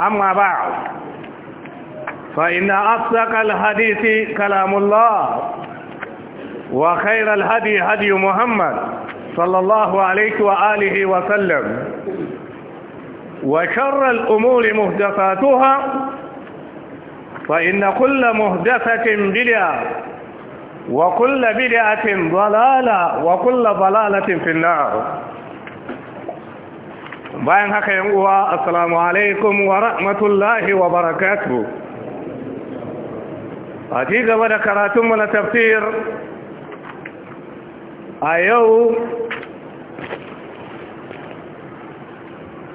أما بعد فإن أصدق الحديث كلام الله وخير الهدي هدي محمد صلى الله عليه وآله وسلم وشر الأمور مهدفاتها فإن كل مهدفة بدعة وكل بدعة ضلالة وكل ضلالة في النار bayan haka yan uwa assalamu alaikum wa rahmatullahi wa barakatuh a ci gaba da karatunmu na tafsir a yau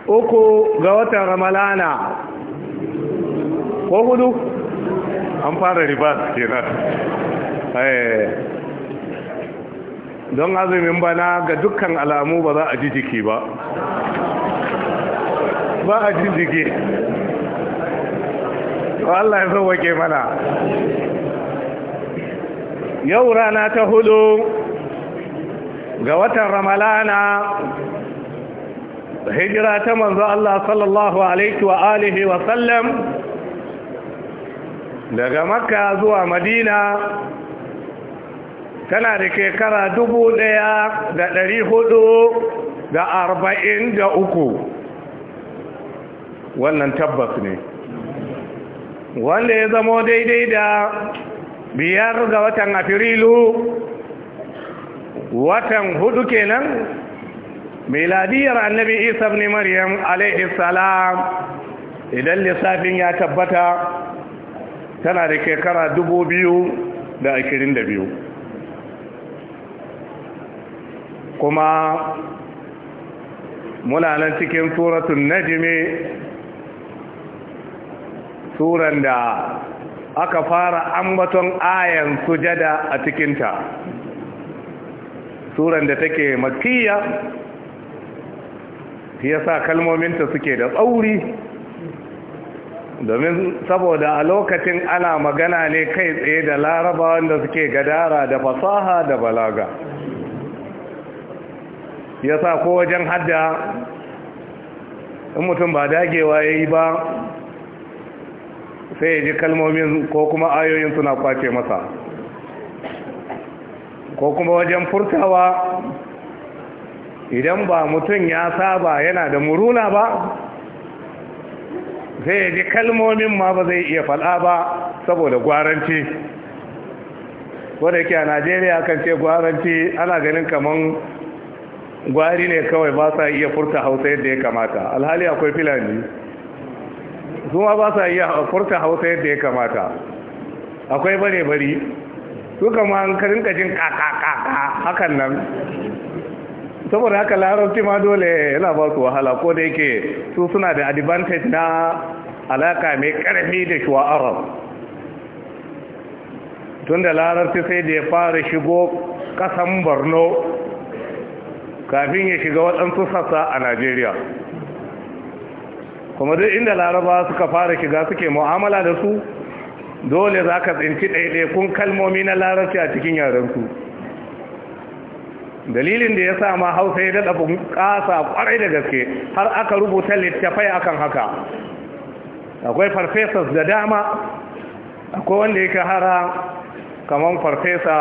uku ga watan ramalana ko hudu an fara ribas kenan eh. don azumin bana ga dukkan alamu ba za a ji jiki ba ba a jin jike Allah ya sauwake mana yau rana ta hudu ga watan ramalana hijira ta manzo Allah sallallahu alaihi wa alihi wa sallam daga makka zuwa madina tana da shekara dubu daya da ɗari hudu da arba'in da uku wannan tabbas ne wanda ya zamo daidai da biyar ga watan afirilu watan hudu kenan miladiyar annabi isa ne maryam alaihi salam idan lissafin ya tabbata tana da shekara dubu biyu da ashirin da biyu kuma muna nan cikin suratun najimi suran da aka fara ambaton ayan sujada a cikinta suran da take makiyya ya sa kalmominta suke da tsauri domin saboda a lokacin ana magana ne kai tsaye da laraba wanda suke gadara da fasaha da balaga ya sa ko wajen hadda in mutum ba dagewa ya yi ba sai ya ji kalmomin ko kuma ayoyin suna kwace masa ko kuma wajen furtawa idan ba mutum ya saba yana da muruna ba sai ya ji kalmomin ma ba zai iya fada ba saboda gwaranci wadda yake a najeriya kan ce gwaranci ana ganin kamar gwari ne kawai ba sa iya furta hausa yadda ya kamata alhali akwai filani su ma ba sa iya furta hausa yadda ya kamata akwai bare-bari su kama an karinka jin kakakaka hakan nan saboda haka larabci ma dole yana ba su wahala ko da yake su suna da advantage na alaka mai karfi da shuwa arab tun da larabci sai da ya fara shigo kasan borno kafin ya shiga waɗansu sassa a najeriya kuma duk inda laraba suka fara shiga suke mu'amala da su dole za ka tsinci kun kalmomi na larabci a cikin yarensu dalilin da ya sa ma hausa ya daɗa bunƙasa ƙwarai da gaske har aka rubuta littafai akan haka akwai farfesas da dama akwai wanda yake hara kamar farfesa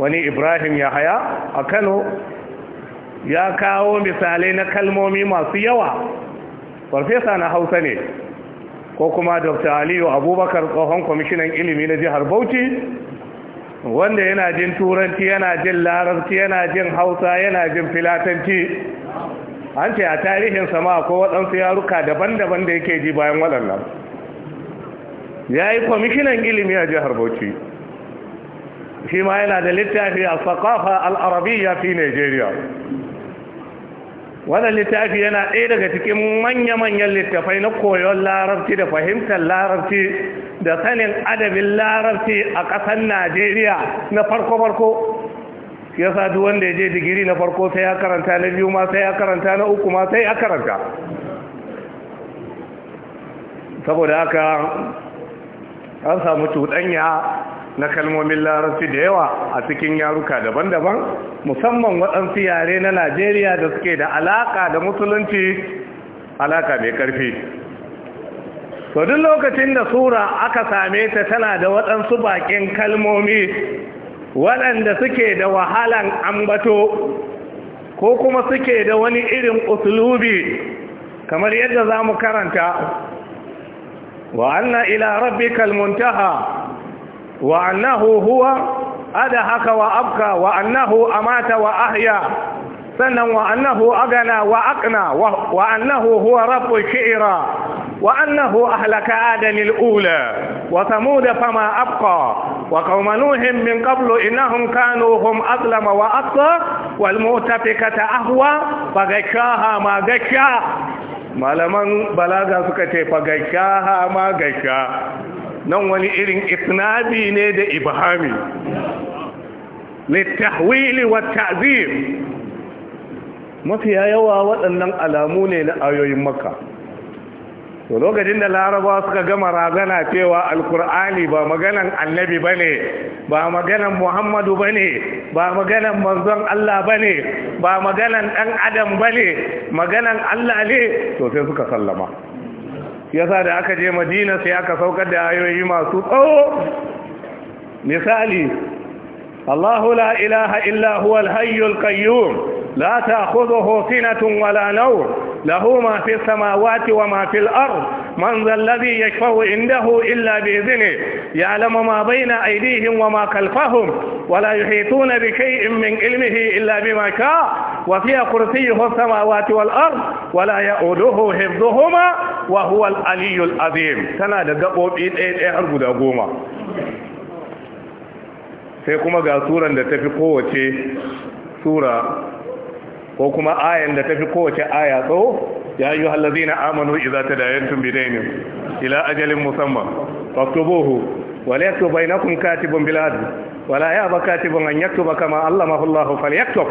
wani ibrahim ya haya a kano ya kawo misalai na kalmomi masu yawa farfesa na hausa ne ko kuma dr aliyu abubakar tsohon kwamishinan ilimi na jihar bauchi wanda yana jin turanci yana jin larabci yana jin hausa yana jin filatanci an ce a tarihin sama ko waɗansu yaruka daban-daban da yake ji bayan waɗannan ya yi kwamishinan ilimi a jihar bauchi shi ma yana da littafi a sakafa al'arabiya fi nigeria wannan littafi yana ɗaya daga cikin manya-manyan littafai na koyon larabci da fahimtar larabci da sanin adabin larabci a ƙasar najeriya na farko-farko ya sadu wanda ya je digiri na farko sai ya karanta na biyu ma sai ya karanta na uku ma sai ya karanta saboda haka an samu cuɗanya na kalmomin larabci da yawa a cikin yaruka daban-daban musamman waɗansu yare na najeriya da suke da alaka da musulunci alaka mai ƙarfi duk lokacin da sura aka same ta tana da waɗansu baƙin kalmomi waɗanda suke da wahalan ambato ko kuma suke da wani irin usulubi kamar yadda za mu karanta wa anna ila rabbi kalmuntaha وأنه هو أدهك وأبقى وأنه أمات وأحيا سنة وأنه أغنى وأقنى وأنه هو رب الشعرى وأنه أهلك آدم الأولى وثمود فما أبقى وقوم نوح من قبل إنهم كانوا هم أظلم وأقصى والمؤتفكة أهوى فغشاها ما غشا مالما بلاغا سكتي فغشاها ما غشا nan wani irin ifnabi ne da ibhami littahwili wa ta'zir mafiya yawa waɗannan alamu ne na ayoyin makka to lokacin da laraba suka gama ragana cewa alkur'ani ba maganan annabi ba ne ba maganan muhammadu ba ne ba maganan manzon allah ba ne ba maganan ɗan adam ba ne maganan allah ne to sai suka sallama yasa da aka je madina sai aka saukar da ayoyi masu tsawo misali الله لا إله إلا هو الحي القيوم لا تأخذه سنة ولا نوم له ما في السماوات وما في الأرض من ذا الذي يشفع عنده إلا بإذنه يعلم ما بين أيديهم وما خلفهم ولا يحيطون بشيء من علمه إلا بما شاء وفي كرسيه السماوات والأرض ولا يؤده حفظهما وهو العلي العظيم سنة دقوا إيه إيه بإيد sai kuma ga suran da tafi kowace sura ko kuma ayan da tafi kowace aya tsawo ya yi hallazi na amanu iza ta dayantun bidainin ila ajalin musamman faktubuhu wala yaktubu bainakum katibun katibin adl wala ya ya'ba katibun an yaktuba kama allamahu Allah falyaktub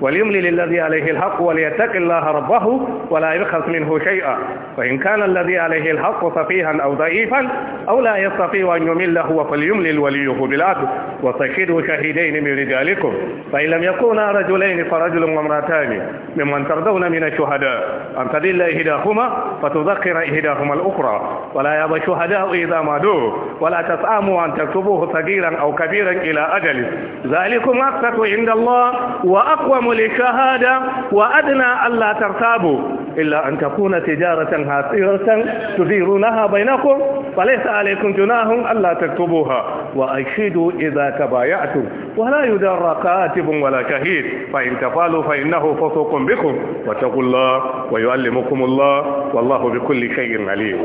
وليملي للذي عليه الحق وليتق الله ربه ولا يبخس منه شيئا فإن كان الذي عليه الحق سفيها أو ضعيفا أو لا يستطيع أن يمل هو فليملل وليه بالعدل وتشهدوا شهيدين من رجالكم فإن لم يكونا رجلين فرجل وامراتان ممن ترضون من الشهداء أن تدل إهداهما فتذكر إهداهما الأخرى ولا يأبى الشهداء إذا ما دعوا ولا تسأموا أن تكتبوه صغيرا أو كبيرا إلى أجل ذلكم أقسط عند الله وأقوم أقوم للشهادة وأدنى ألا ترتابوا إلا أن تكون تجارة هاسيرة تديرونها بينكم فليس عليكم جناح ألا تكتبوها وأشهدوا إذا تبايعتم ولا يدار كاتب ولا شهيد فإن تفعلوا فإنه فسوق بكم واتقوا الله ويعلمكم الله والله بكل شيء عليم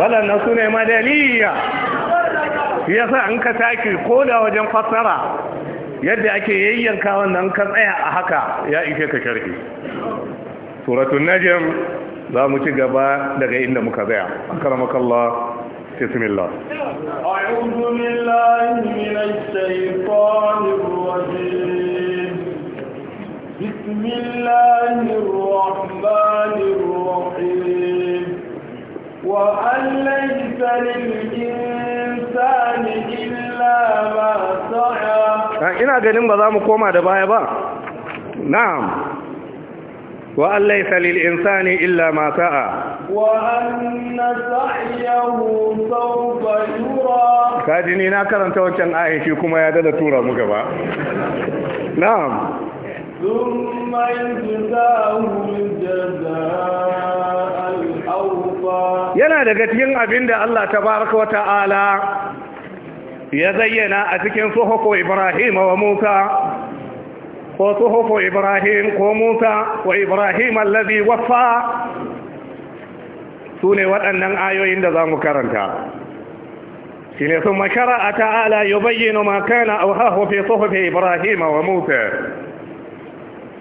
ولا su مدنية يا ya sa an وجن taki yadda ake yayyanka wannan ka tsaya a haka ya ishe ka sharhi suratul najm za mu ci gaba daga inda muka tsaya akramakallah bismillah a'udhu billahi minash shaitanir rajim bismillahir rahmanir rahim وأن ليس للإنسان إلا ما سعى ina ganin ba za mu koma da baya ba na'am wa an laysa lil insani illa ma sa'a wa anna sa'yahu sawfa yura kaji ni na karanta wancan ayin kuma ya dada tura mu gaba na'am thumma yujzahu al-jazaa'a yana daga cikin abin da Allah tabaraka wata'ala ya zayyana a cikin suhufu Ibrahim wa Musa ko suhufu Ibrahim ko Musa wa Ibrahim allazi waffa sune waɗannan ayoyin da za mu karanta shine sun makara ta'ala yubayyinu ma kana a fi suhufi Ibrahim wa Musa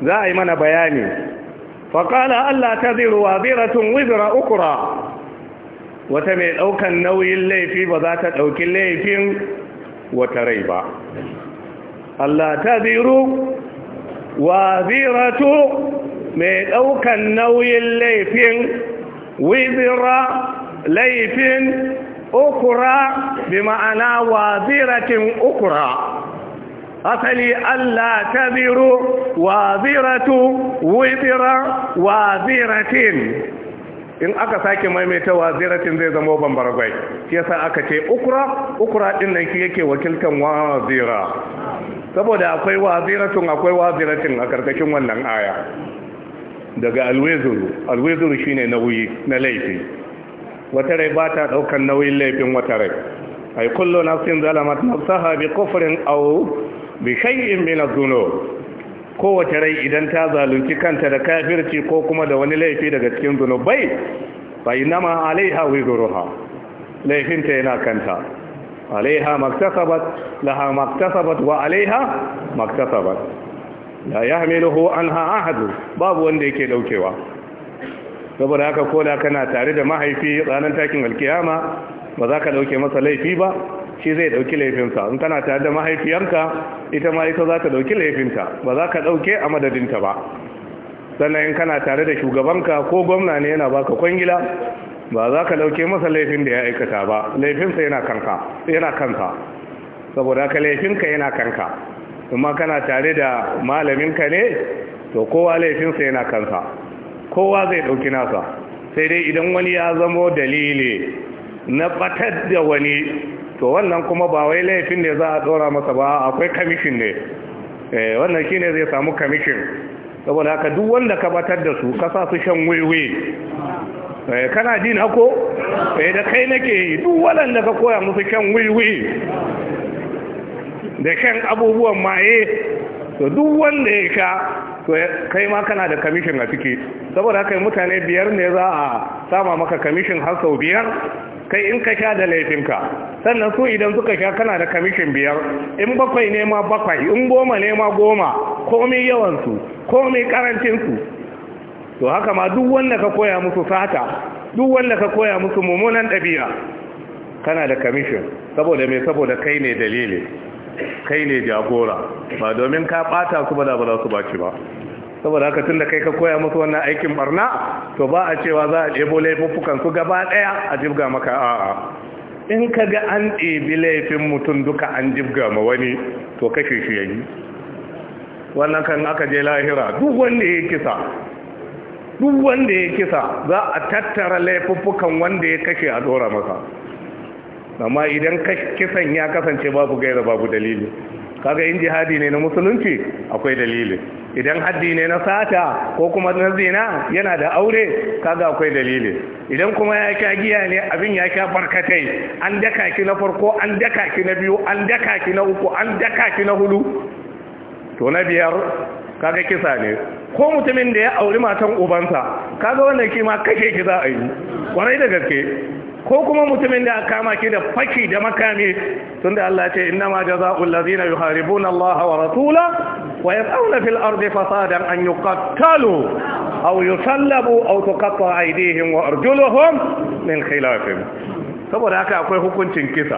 za a yi mana bayani faƙala Allah ta ziru wa ziratun wizira ukura wata mai daukan nauyin laifi ba za ta dauki laifin wata rai ba Allah ta ziru wa ziratu mai daukan nauyin laifin wizira laifin ukura bi ma'ana wa ziratin ukura asali Allah ta ziru wa ziratu wizira wa ziratin in aka sake maimaitawa ziratin zai zama gwai, shi yasa aka ce ukura ukura din nan shi yake wakiltan wazira saboda akwai waziratun akwai waziratin a karkashin wannan aya daga alwezuru alwezuru shine nauyi na laifi wata rai ba ta daukan nauyin laifin wata rai ay kullu nafsin zalamat nafsaha bi kufrin aw bi shay'in min adh-dhunub kowace rai idan ta zalunci kanta da kafirci ko kuma da wani laifi daga cikin zunubai fa inama alaiha wizruha laifinta yana kanta alaiha maktasabat laha maktasabat wa alaiha maktasabat la an anha ahad babu wanda yake daukewa saboda haka koda kana tare da mahaifi ranar takin alkiyama ba za ka dauke masa laifi ba shi zai dauki laifinsa in kana tare da mahaifiyarka ita ma ita za ta dauki laifinta ba za ka dauke a madadinta ba sannan in kana tare da shugabanka ko gwamna ne yana baka kwangila ba za ka dauke masa laifin da ya aikata ba laifinsa yana kanka yana kanka saboda ka laifinka yana kanka amma kana tare da malaminka ne to kowa laifinsa yana kansa kowa zai dauki nasa sai dai idan wani ya zama dalili na batar da wani to wannan kuma ba wai laifin ne za a dora masa ba akwai kamishin ne eh, wannan shine zai samu kamishin saboda haka duk wanda ka batar da su ka sa su shan wiwi eh, kana din ako ko eh, da kai nake yi duk wanda ka koya musu shan wiwi da shan abubuwan maye to duk wanda ya sha to kai ma kana da kamishin a ciki saboda haka mutane biyar ne za a sama maka kamishin har sau biyar kai in ka sha da laifinka sannan su idan suka sha kana da kamishin biyar in bakwai ne ma bakwai in goma ne ma goma komai yawansu komai karancinsu to haka ma duk wanda ka koya musu sata duk wanda ka koya musu mummunan ɗabi'a kana da kamishin saboda mai saboda kai ne dalili kai ne jagora ba domin ka ɓata su ba da ba za su ba ba saboda haka tun da kai ka koya musu wannan aikin barna to ba a cewa za a ɗebo laifuffukan su gaba ɗaya a jibga maka a'a in ka ga an ɗebi laifin mutum duka an jibga ma wani to kashe shi yayi wannan kan aka je lahira duk wanda ya kisa duk wanda ya kisa za a tattara laifuffukan wanda ya kashe a dora masa amma idan kisan ya kasance babu gaira babu dalili kaga in jihadi ne na musulunci akwai dalili idan haddi ne na sata ko kuma na zina yana da aure kaga akwai dalili idan kuma ya kya giya ne abin ya kya barkatai an daka ki na farko an daka ki na biyu an daka ki na uku an daka ki na hudu to na biyar kaga kisa ne ko mutumin da ya auri matan ubansa kaga wannan kima kashe ki za a yi kwarai da gaske ko kuma mutumin da aka kama ki da faki da makami da Allah ce inna ma jazaa'ul ladzina yuharibuna Allah wa rasula wa yas'una fil ardi fasadan an yuqattalu aw yusallabu aw tuqatta aydihim wa arjuluhum min khilaf saboda haka akwai hukuncin kisa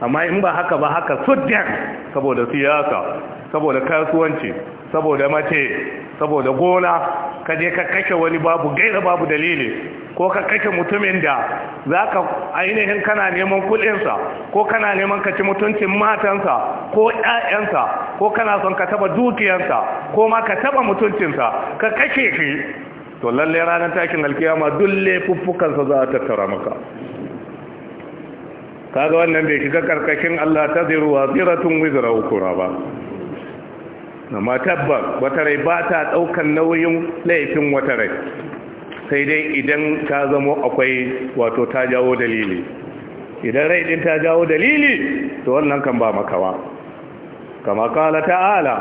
amma in ba haka ba haka suddan saboda siyasa saboda kasuwanci saboda mace saboda gona kaje ka kashe wani babu gaira babu dalili ko ka kashe mutumin da za ka ainihin kana neman kuɗinsa ko kana neman ka ci mutuncin matansa ko ‘ya'yansa ko kana son ka taba dukiyarsa ko ma ka taba mutuncinsa ka kashe shi to lallai ranar takin alkiyama duk laifuffukansa za a tattara maka kaga wannan bai shiga karkashin Allah ta ziru wa ziratun wizra ukura ba amma tabbar wata rai ba ta daukan nauyin laifin wata rai sai dai idan ta zamo akwai wato ta jawo dalili idan rai din ta jawo dalili to wannan kan ba makawa kama kala ta'ala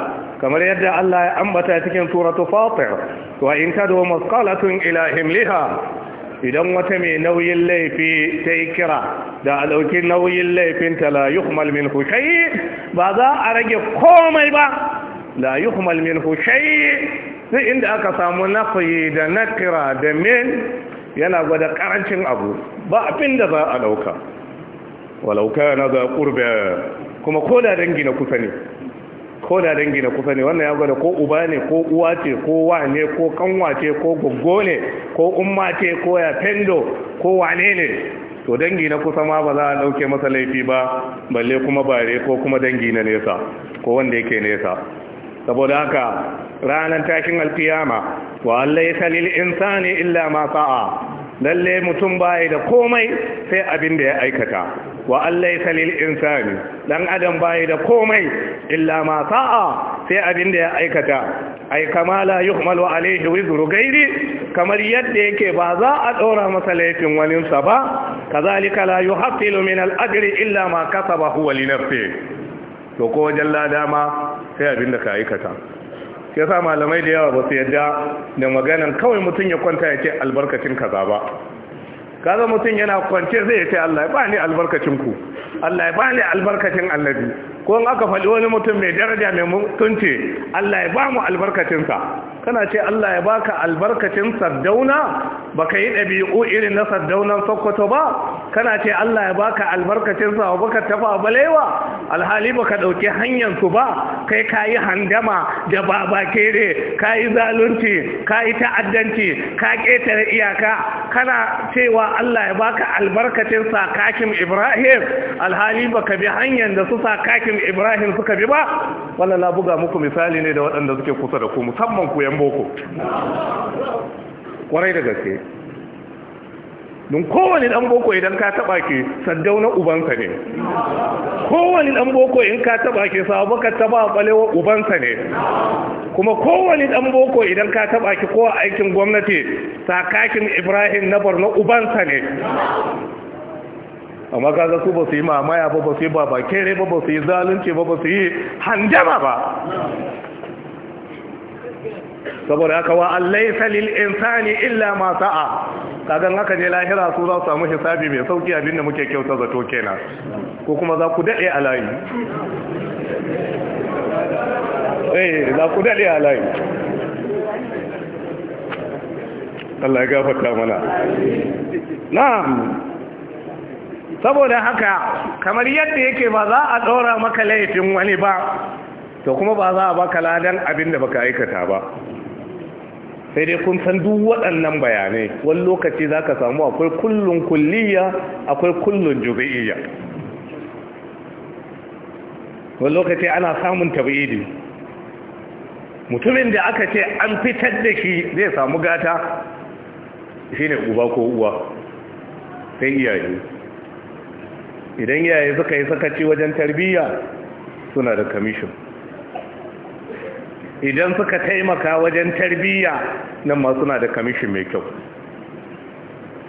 kamar yadda Allah ya ambata cikin suratu fatir wa in tadu masqalatun ila himliha idan wata mai nauyin laifi ta yi kira da a ɗauki nauyin laifinta la yuhmal min hushayi ba za a rage komai ba la yuhmal min hushayi sai inda aka samu nafayi da nakira da men yana gwada karancin abu ba abin da za a dauka walauka na za kurbe kuma ko da dangi na kusa ne ko da dangi na kusa ne wannan ya gwada ko uba ne ko uwa ce ko wane ko kanwa ce ko goggo ne ko umma ce ko ya fendo ko wane ne to dangi na kusa ma ba za a dauke masa laifi ba balle kuma bare ko kuma dangi na nesa ko wanda yake nesa saboda haka ranar tashin alfiyama, wa laysa lil insani illa ma sa'a lalle mutum baya da komai sai abin da ya aikata wa laysa lil insani dan adam baya da komai illa ma sa'a sai abin da ya aikata ai kama la yuhmalu alaihi wizru gairi kamar yadda yake ba za a ɗora masa laifin waninsa ba kazalika la yuhaffilu min al illa ma kasaba huwa li nafsihi to ko wajen lada sai abin da ka aikata ya sa malamai da yawa ba su yadda da maganan kawai mutum ya kwanta ya ce albarkacin kaza ba kaza mutum yana kwance zai ya ce Allah ya bani albarkacin ku Allah ya bani albarkacin annabi ko in aka faɗi wani mutum mai daraja mai mutunci Allah ya ba mu albarkacinsa kana ce Allah ya baka albarkacin sardauna baka yi ɗabi'u irin na sardaunan sokoto ba kana ce Allah ya baka albarkacin sa baka tafa balewa alhali baka ɗauki hanyar su ba kai kayi handama da baba kere kayi zalunci kayi ta'addanci ka ƙetare iyaka kana cewa Allah ya baka albarkacin sa kakim Ibrahim alhali baka bi hanyar da su sa kakim annabin ibrahim suka bi ba wannan na buga muku misali ne da waɗanda suke kusa da ku musamman ku yan boko kwarai da gaske don kowane ɗan boko idan ka taɓa ke saddauna ubansa ne kowane ɗan boko in ka taɓa ke sabaka taba ɓalewa ubansa ne kuma kowane ɗan boko idan ka taɓa ke kowa aikin gwamnati sakakin ibrahim na borno ubansa ne amma kaga su ba su yi mamaya ba ba su yi babakere ba ba su yi zalunci ba ba su yi handama ba saboda aka wa allai salil insani illa ma sa'a kagan haka ne lahira su za su samu hisabi mai sauki abinda muke kyauta zato kenan ko kuma za ku dade a layi eh za ku dade a layi Allah ya gafarta mana na'am saboda haka kamar yadda yake ba za a tsora maka laifin wani ba to kuma ba za a baka ladan abin da baka aikata ba sai dai kun san duk waɗannan bayanai wani lokaci za ka samu akwai kullun kulliya akwai kullun jubi'iyya wani lokaci ana samun tabi'idi mutumin da aka ce an fitar da shi zai samu gata shi ne uba ko uwa sai iyaye idan yayi suka yi sakaci wajen tarbiyya suna da kamishin idan suka taimaka wajen tarbiyya nan ma suna da kamishin mai kyau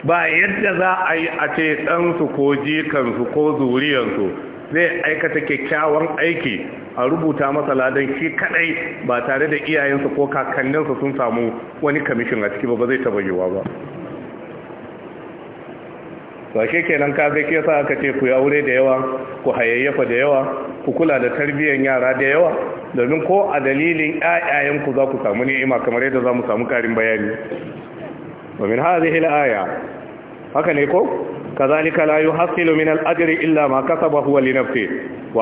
ba yadda za a yi a ce ɗansu ko jikansu ko zuriyansu, zai aikata kyakkyawan aiki a rubuta masa ladan shi kadai ba tare da iyayensu ko kakanninsu sun samu wani kamishin a ciki ba ba zai taba yiwa ba to kenan ka ke kesa aka ce ku aure da yawa ku hayayyafa da yawa ku kula da tarbiyyar yara da yawa domin ko a dalilin ƴaƴayen ku za ku samu ni'ima kamar yadda za mu samu karin bayani wa min zai al-aya haka ne ko كذلك لا يحصل illa الأجر إلا ما كسبه هو Wa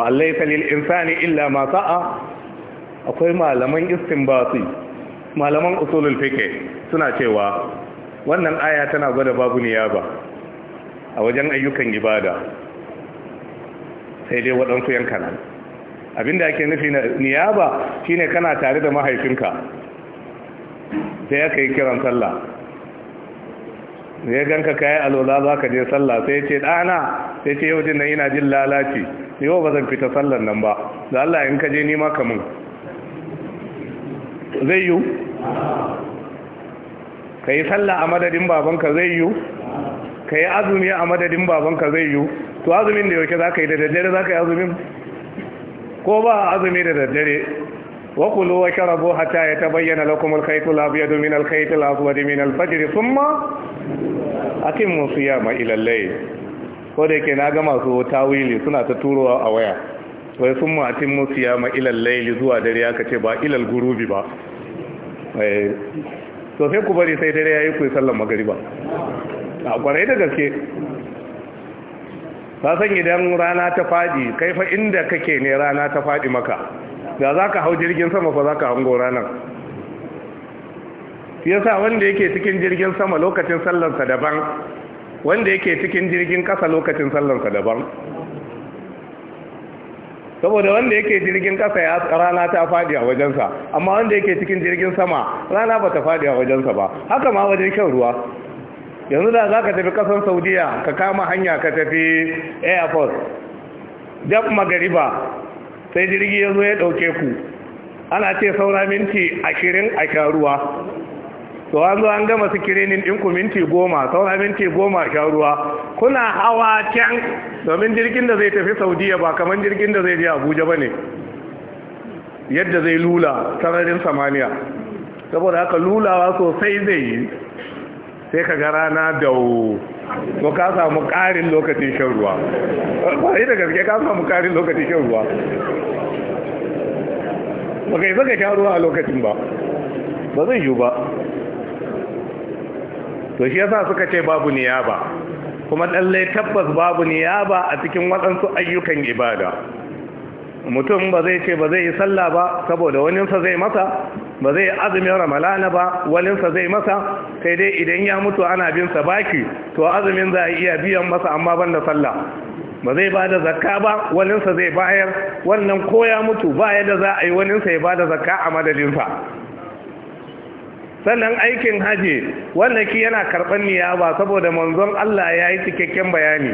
وأن ليس للإنسان إلا ما سعى akwai malaman istinbati malaman usulul fiqh suna cewa wannan aya tana gwada babu niyaba a wajen ayyukan ibada sai dai waɗansu nan. abinda ake nufi na niyaba shine kana tare da mahaifinka sai aka yi kiran sallah ya ganka kayi alola za ka je sallah sai ce ɗana sai ce yau jin na yana jin lalaci yau ba zan fita sallan nan ba da Allah in ka je nima kamun mun zai yiwu ka yi sallah a madadin babanka zai yiwu ka yi azumi a madadin babanka zai yiwu to azumin da yauke za ka yi da daddare za ka yi azumin ko ba azumi da daddare wa kulu wa sharabu ya ta bayyana lokumar khayt labu ya domin al labu wa domin alfajiri al ma a kin siyama ya ma ilallai. ko da yake na gama su ta Wili suna ta turowa a waya wai sun thumma atimmu siyama ila ma ilallai zuwa dare aka ce ba ilal gurubi ba sosai eh. ku bari sai dare ya yi ku sallan Magariba. a kwarai da gaske san idan rana ta faɗi kai fa inda kake ne rana ta faɗi maka da za ka hau jirgin sama ba za ka hango ranar yasa wanda yake cikin jirgin sama lokacin sallansa daban wanda yake cikin jirgin ƙasa lokacin sallansa daban saboda wanda yake jirgin kasa ya rana ta fadi a wajensa amma wanda yake cikin jirgin sama rana ba ta fadi a wajensa ba haka ma wajen shan ruwa yanzu da za ka tafi kasan saudiya ka kama hanya ka tafi airport jab magariba sai jirgi ya zo ya dauke ku ana ce saura minti ashirin a sharuwa. to an zo an gama sikirinin ɗinku minti goma saura minti goma a sharuwa. kuna hawa can domin jirgin da zai tafi saudiya ba kamar jirgin da zai je abuja ba ne yadda zai lula sararin samaniya saboda haka lulawa sosai zai yi sai ka ga rana da ko ka samu ƙarin lokacin shan ruwa Ba yi da gaske ka samu ƙarin lokacin shan ruwa ba ka yi saka sha ruwa a lokacin ba ba zai yi ba to shi yasa suka ce babu niyaba kuma dalle tabbas babu niyaba a cikin waɗansu ayyukan ibada mutum ba zai ce ba zai yi sallah ba saboda waninsa zai masa ba zai azumin ramalana ba waninsa zai masa sai dai idan ya mutu ana bin sa baki to azumin za a iya biyan masa amma ban da sallah ba zai ba da zakka ba waninsa zai bayar wannan ko ya mutu ba da za a yi waninsa ya ba da zakka a madadinsa sannan aikin haji wanda ki yana karɓar ba saboda manzon Allah ya yi cikakken bayani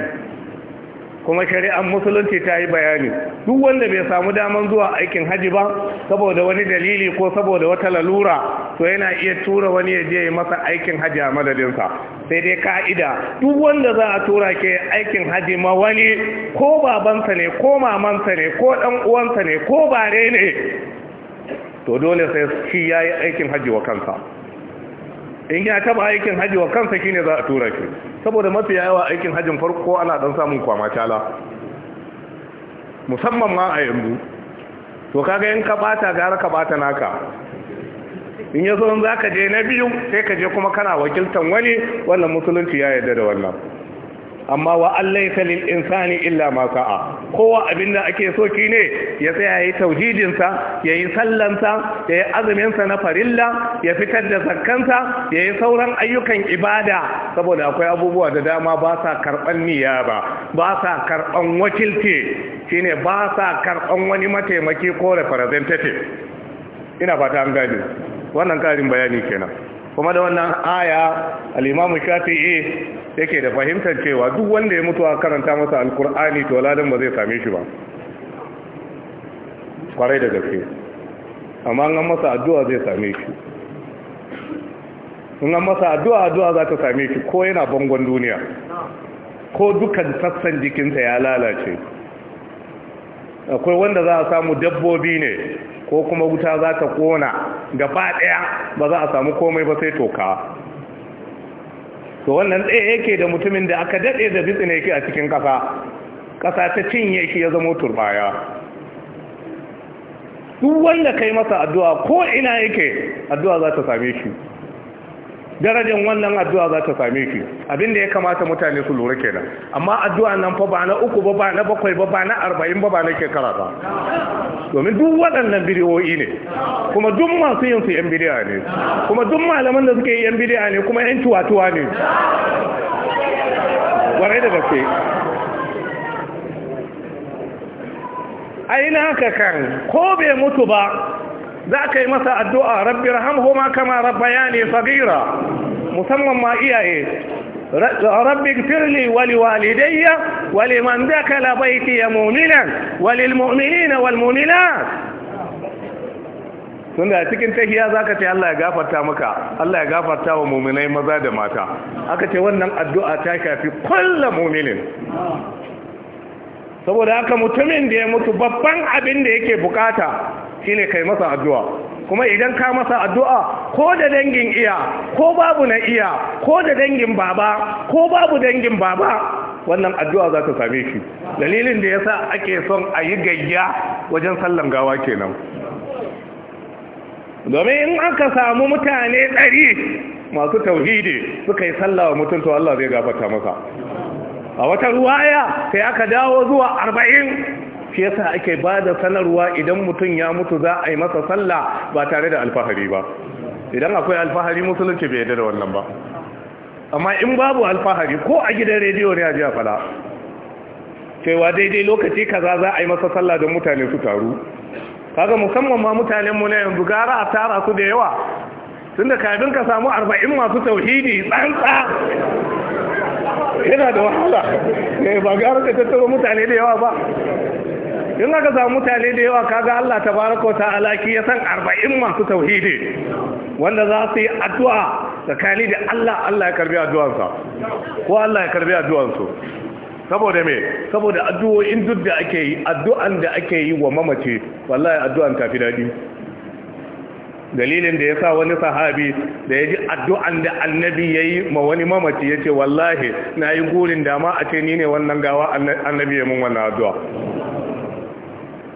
kuma shari'ar musulunci ta yi bayani duk wanda bai samu daman zuwa aikin haji ba saboda wani dalili ko saboda wata lalura to yana iya tura wani ya je masa aikin haji a madadinsa sai dai ka'ida duk wanda za a tura ke aikin haji ma wani ko babansa ne ko mamansa ne ko dan uwansa ne ko bare ne to dole sai shi ya yi aikin haji wa kansa in ya taba aikin haji wa kansa shine za a tura shi saboda mafi yawa aikin hajin farko ana dan samun kwama tala musamman ma a yanzu to kaga in ka bata gara ka bata naka in yazo in zaka je na biyu sai ka je kuma kana wakiltan wani wannan musulunci ya yarda da wannan amma wa Allah ya lil insani illa ma sa'a kowa abinda ake so ne ya tsaya yayi tauhidin sa yayi sallan sa yayi azumin sa na farilla ya fitar da zakkan sa yayi sauran ayyukan ibada saboda akwai abubuwa da dama ba sa karban niyya ba ba sa karban wakilci shine ba sa karban wani mataimaki ko representative ina fata an gani wannan karin bayani kenan kuma da wannan aya al-imamu shafi'i yake da fahimtar cewa duk wanda ya mutu a karanta masa alkur'ani to ladan ba zai same shi ba kwarai da gaske amma an masa addu'a zai same shi in an masa addu'a addu'a za ta same shi ko yana bangon duniya ko dukan sassan jikinsa ya lalace akwai wanda za a samu dabbobi ne ko kuma wuta za ta kona gaba daya ba za a samu komai ba sai toka to wannan tsaye yake da mutumin da aka dade da bitsine yake a cikin kasa ƙasa ta cinye shi ya zama turbaya duk wanda kai masa addu'a ko ina yake addu'a za ta same shi darajar wannan addu'a za ta same ki abinda ya kamata mutane su lura kenan amma addu'a nan fa ba na uku ba ba na bakwai ba ba na arba'in ba ba na shekara ba domin duk waɗannan bidiyoyi ne kuma duk masu yin su yan bidiya ne kuma duk malaman da suke yan bidiya ne kuma yan tuwatuwa ne warai da gaske ai na haka kan ko bai mutu ba za ka yi masa addu'a rabbi rahamhuma kama rabbayani sagira musamman ma iyaye رب اغفر لي ولوالدي ya دخل بيتي مؤمنا وللمؤمنين والمؤمنات tunda a cikin tahiya ka ce Allah ya gafarta maka Allah ya gafarta wa mu'minai maza da mata aka ce wannan addu'a ta shafi kullu mu'minin saboda haka mutumin da ya mutu babban abin da yake bukata shi ne kai masa addu'a kuma idan ka masa addu'a ko da dangin iya ko babu na iya ko da dangin baba ko babu dangin baba wannan addu'a za ta same shi dalilin da ya sa ake son a yi gayya wajen sallan gawa kenan domin in aka samu mutane ɗari masu tauhidi suka yi salla wa mutunta Allah zai gafata masa a wata ruwaya sai aka dawo zuwa arba'in shi yasa ake ba da sanarwa idan mutum ya mutu za a yi masa sallah ba tare da alfahari ba idan akwai alfahari musulunci bai yadda da wannan ba amma in babu alfahari ko a gidan rediyo ne a ji fada cewa daidai lokaci kaza za a yi masa sallah don mutane su taru kaga musamman ma mutanen mu na yanzu gara a tara su da yawa tunda kafin ka samu arba'in masu tauhidi tsantsa yana da wahala eh, ba gara da tattaro mutane da yawa ba in aka samu mutane da yawa kaga Allah ta baraka ta alaki ya san arba'in masu tauhidi wanda za su yi addu'a tsakani da Allah Allah ya karbi addu'ansa ko Allah ya karbi addu'ansu saboda me saboda addu'o'in duk da ake yi addu'an da ake yi wa mamaci wallahi addu'an ta fi daɗi. dalilin da ya sa wani sahabi da ya ji addu'an da annabi ya yi ma wani mamaci ya ce wallahi na yi gurin dama a ce ni ne wannan gawa annabi ya mun wannan addu'a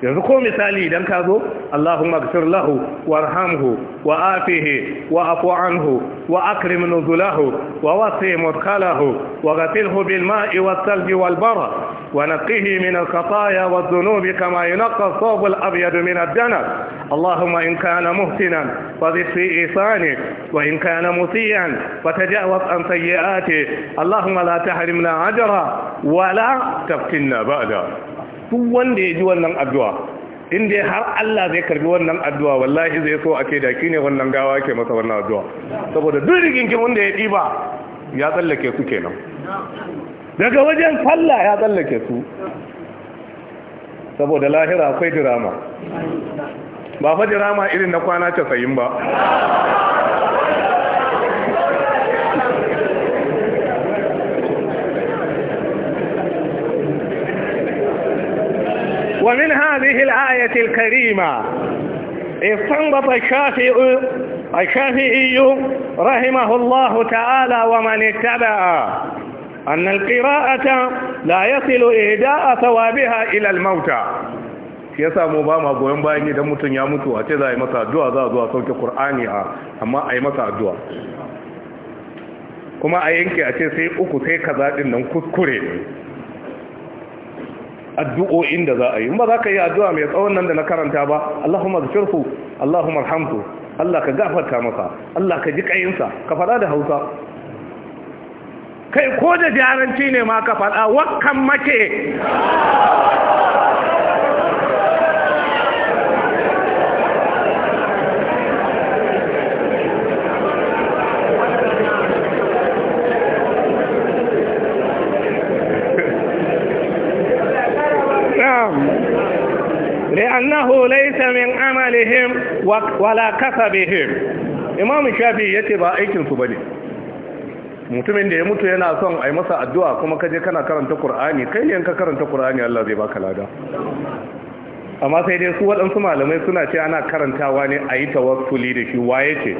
yanzu ko misali idan ka zo Allahumma gfir lahu warhamhu wa afihi wa afu anhu wa akrim nuzulahu wa wasi mudkhalahu wa ghsilhu bil ma'i was salji wal bara wa naqqihi min al khataaya wad dhunubi kama yunqqa ath-thawb al abyad min ad-danas Allahumma in kana muhsinan fadhif fi ihsani wa in kana musian fatajawaz an sayyi'ati Allahumma la tahrimna ajra wa la taftinna ba'da duk wanda ya ji wannan addu'a in dai har Allah zai karbi wannan addu'a wallahi zai so ake da ne wannan gawa ke masa wannan addu'a saboda duk rigingin wanda ya ɗiba ya tsallake su kenan daga wajen sallah ya tsallake su saboda lahira akwai dirama ba fa dirama irin na kwana 90 ba ومن هذه الآية الكريمة استنبط الشافعي الشافعي رحمه الله تعالى ومن اتبع أن القراءة لا يصل إهداء ثوابها إلى الموتى shi yasa mu ba ma goyon bayan idan mutum ya mutu a ce za a yi masa addu'a za a zuwa sauke Kur'ani a amma a yi masa addu'a kuma a yanke a ce sai uku sai kaza din nan kuskure ne addu'o'in da za a yi ba za ka yi addu'a mai tsawon nan da na karanta ba Allahumma zikirhu Allahumma arhamhu Allah ka gafarta masa Allah ka ji kayinsa ka faɗa da Hausa kai ko da jaranci ne ma ka faɗa wakkan make wala kasa behim imamu shafi ya ce ba aikinsu ba ne mutumin da ya mutu yana son a yi masa addu'a kuma kaje kana karanta ƙur'ani kai ne ka karanta Kur'ani? Allah zai baka lada amma sai dai su waɗansu malamai suna ce ana karantawa ne a yi tawassuli da shi waye ce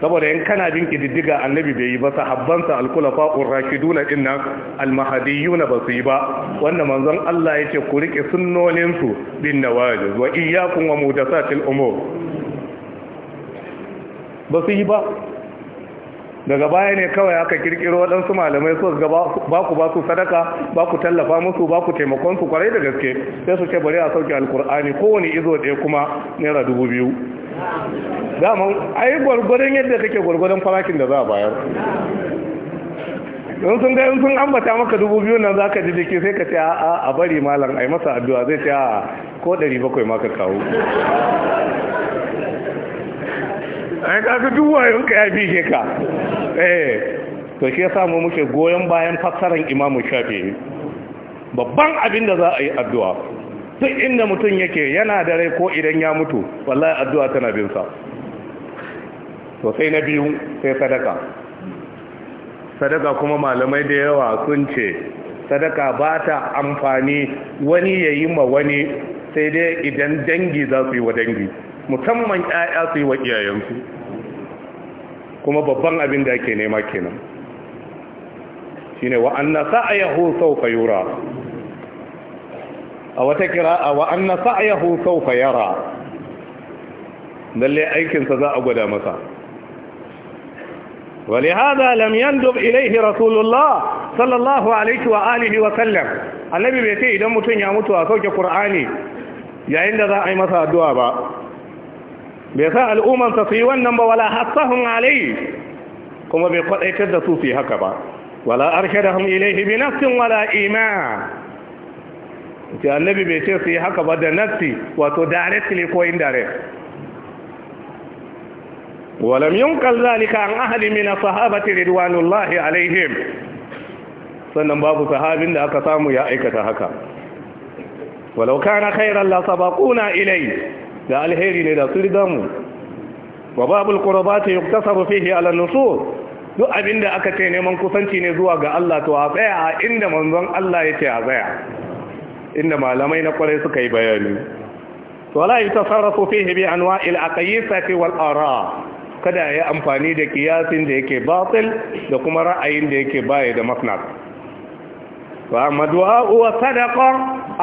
saboda yan kana bin kididdiga annabi bai yi ba sahabbansa al-khulafa ar-rashidun din al ba su yi ba wanda manzon Allah yace ku rike sunnonin su bin nawaji wa iyyakum wa muhdathatil umur ba su yi ba daga baya ne kawai aka kirkiro waɗansu malamai su ga ba ku ba su sadaka ba ku tallafa musu ba ku taimakon su kwarai da gaske sai su ce bari a sauke alkur'ani kowane izo ɗaya kuma naira dubu biyu a yi gwargwadon yadda kake gwargwadon farakin da za a bayar don sun ga sun ambata maka dubu biyu nan za ka ji jiki sai ka ce a bari malam yi masa addu'a zai ce a ko ɗari bakwai ma ka kawo a yi ga duwa yin ka ya ke ka eh to shi ya mu muke goyon bayan fassarar imamu Shafi. babban abin da za a yi addu'a duk inda mutum yake yana da rai ko idan ya mutu wallahi addu'a tana bin sa to sai na biyu sai sadaka sadaka kuma malamai da yawa sun ce sadaka ba ta amfani wani ya yi ma wani sai dai idan dangi za su yi wa dangi musamman 'ya'ya su yi wa iyayensu kuma babban abin da ake nema kenan shine wa anna sa'ayahu ka yura a wata kira'a a anna sa'ayahu ka yara lallai aikinsa za a gwada masa ولهذا لم يندب إليه رسول الله صلى الله عليه وآله وسلم النبي بيتي إذا متن يموت وأسوك قرآني يا عند ذا أي مسا الدعاء بيسا الأمم تصيوان نمب ولا حصهم عليه كما بيقول أيكد سوسي هكذا ولا أرشدهم إليه بنفس ولا إيمان النبي بيتي سي هكذا ده نفسي وتدارك لكوين دارك ولم ينقل ذلك عن أحد من الصحابة رضوان الله عليهم sannan babu sahabin da aka samu ya aikata haka walau kana khairan la sabaquna ilai da alheri ne da su riga mu wa babul qurbati yuktasabu fihi ala nusus duk abinda aka ce neman kusanci ne zuwa ga Allah to a tsaya a inda manzon Allah yake a tsaya inda malamai na kwarai suka yi bayani wala yutasarrafu fihi bi anwa'il aqyisati wal ara kada ya yi amfani da kiyasin da yake batil da kuma ra'ayin da yake baya da masnad wa madu'a wa sadaqa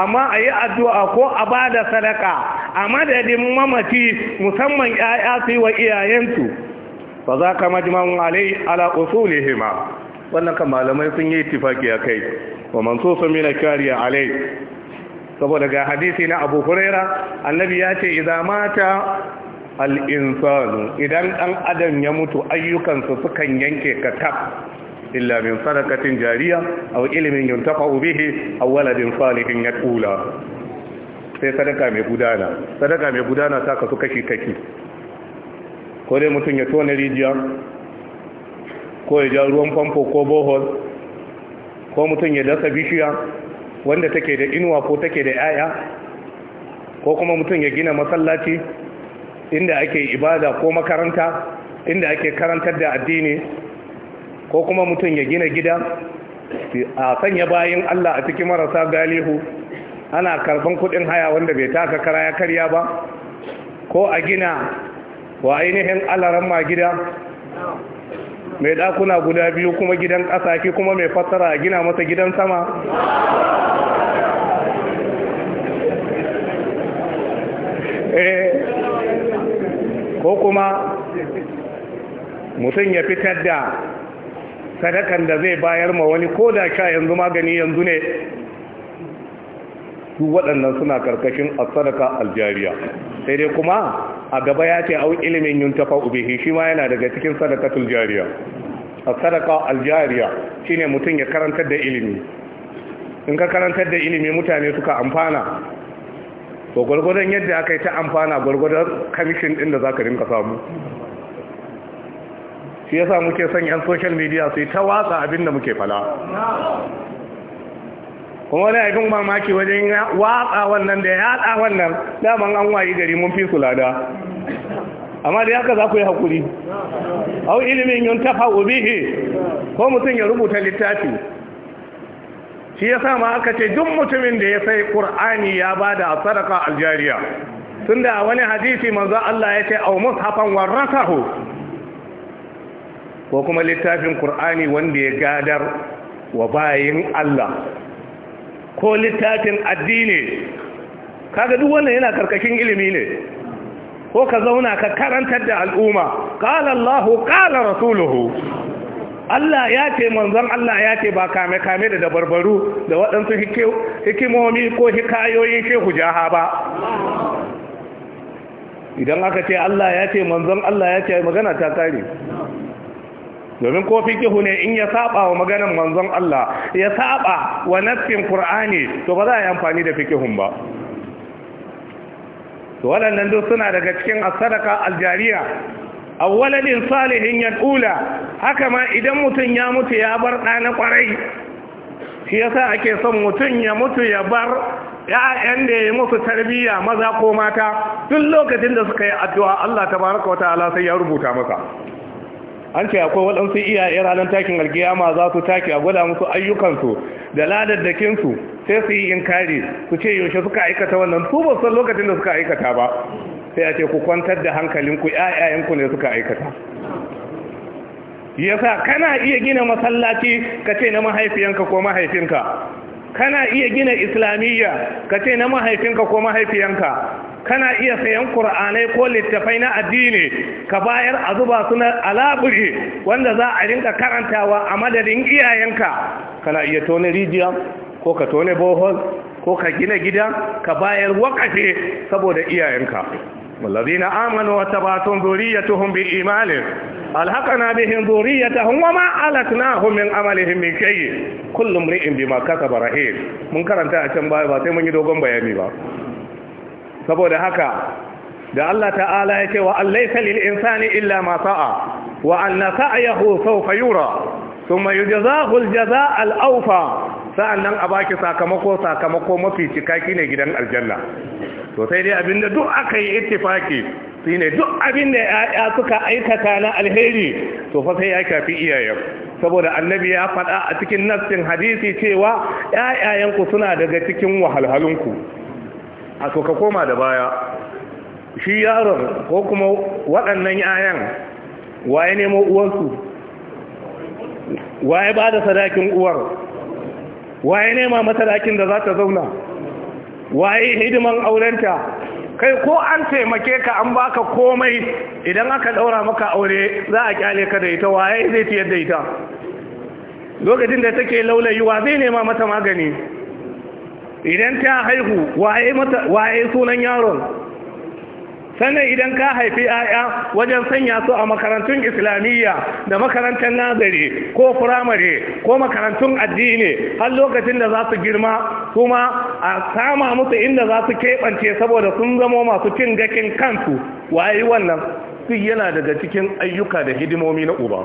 amma ayi addu'a ko a bada sadaka a madadin mamaci musamman 'ya'ya su wa iyayensu fa za ka majma'un alai ala usulihima wannan kan malamai sun yi a akai wa mansusun min al-kariya alai saboda ga hadisi na Abu Huraira annabi ya ce idza mata al'insanu idan ɗan adam ya mutu ayyukansu sukan yanke ka kaf illa min sadakatin jariya aw ilimin yuntafa'u bihi aw waladin salihin yaqula sai sadaka mai gudana sadaka mai gudana ta kasu kashi kashi ko dai mutum ya tona rijiya ko ya ja ruwan famfo ko bohol ko mutum ya dasa bishiya wanda take da inuwa ko take da 'ya'ya ko kuma mutum ya gina masallaci inda ake ibada ko makaranta inda ake karantar da addini ko kuma mutum ya gina gida a sanya bayan Allah a cikin marasa galihu ana karban kudin haya wanda bai taka kara ya karya ba ko a gina wa ainihin alaran ma gida mai dakuna guda biyu kuma gidan ƙasa ki kuma mai fassara a gina masa gidan sama eh ko kuma mutum ya fitar da sadakan da zai bayar ma wani ko da sha yanzu magani yanzu ne su waɗannan suna karkashin sadaka aljariya sai dai kuma a gaba ya ce au ilimin yun tafa ubehi shi ma yana daga cikin aljariya jariya sadaka aljariya shine mutum ya karantar da ilimi in ka karantar da ilimi mutane suka amfana to gwargwadon yadda aka yi ta amfana gwargwadon kamishin ɗin da za ka rinka samu shi yasa muke son yan social media su yi ta watsa abin da muke fala kuma wani abin mamaki wajen watsa wannan da yaɗa wannan daman an wayi gari mun fi su lada amma da yaka za ku yi haƙuri au ilimin yun tafa ubihi ko mutum ya rubuta littafi shi yasa ma aka ce duk mutumin da ya sai ƙur'ani ya ba da sadaka aljariya tunda a wani hadisi manzo Allah ya ce aw mushafan warasahu ko kuma littafin ƙur'ani wanda ya gadar wa bayin Allah ko littafin addini kaga duk wannan yana karkashin ilimi ne ko ka zauna ka karantar da al'umma qala Allahu qala rasuluhu Allah ya ce manzon Allah ya ce ba kame kame da dabarbaru da waɗansu hikimomi ko hikayoyin shehu jaha ba idan aka ce Allah ya ce manzon Allah ya ce magana ta tare. domin ko fikihu ne in ya saba wa maganin manzon Allah ya saba wa nafin Kur'ani to ba za a yi amfani da fikihun ba to waɗannan duk suna daga cikin asaraka aljariya awwaladin salihin ya ɗula haka ma idan mutum ya mutu ya bar ɗa na ƙwarai shi yasa ake son mutum ya mutu ya bar ya'yan da ya musu tarbiyya maza ko mata duk lokacin da suka yi addu'a Allah tabaraka wata'ala sai ya rubuta masa an ce akwai waɗansu iyaye ranar takin alkiyama za su take a gwada musu ayyukansu da ladaddakinsu sai su yi inkari su ce yaushe suka aikata wannan su ba san lokacin da suka aikata ba sai a ku kwantar da hankalinku ƴaƴayenku ne suka aikata yasa kana iya gina masallaci ka ce na mahaifiyanka ko mahaifinka kana iya gina islamiyya ka ce na mahaifinka ko mahaifiyanka kana iya sayan kur'anai ko littafai na addini ka bayar a zuba su suna alaburi wanda za a rinka karantawa a madadin iyayenka kana iya tone rijiya ko ka tone bohol ko ka gina gida ka bayar wakafe saboda iyayenka والذين آمنوا وتبعتم ذريتهم بإيمان ألحقنا بهم ذريتهم وما ألتناهم من عملهم من شيء كل امرئ بما كتب رهين من كرنتا أشمبا باتي من يدوغم بيامي با سبود حقا دا الله تعالى يتي وأن ليس للإنسان إلا ما سعى وأن سعيه سوف يرى ثم يجزاه الجزاء الأوفى sa'an nan a baki sakamako sakamako mafi cika ne gidan aljanna to sai dai abinda duk aka yi ittifaki su ne duk abinda ya suka aikata na alheri to fa sai ya kafi iyayen saboda annabi ya faɗa a cikin nassin hadisi cewa ƴaƴayenku suna daga cikin wahalhalunku a so ka koma da baya shi yaron ko kuma waɗannan yayan waye nemo wa waye ba da sadakin uwar waye nema mata dakin da za ta zauna waye hidiman aurenta kai ko an taimake ka an baka komai idan aka ɗaura maka aure za a kyale ka da ita waye zai tiyar da ita lokacin da take wa zai nema mata magani idan ta haihu waye sunan yaron sannan idan ka haifi 'ya'ya wajen sanya su a makarantun islamiyya da makarantar nazari ko firamare ko makarantun addini har lokacin da za su girma kuma a sama musu inda za su keɓance saboda sun zamo masu cin gakin kansu wayi wannan su yana daga cikin ayyuka da hidimomi na uba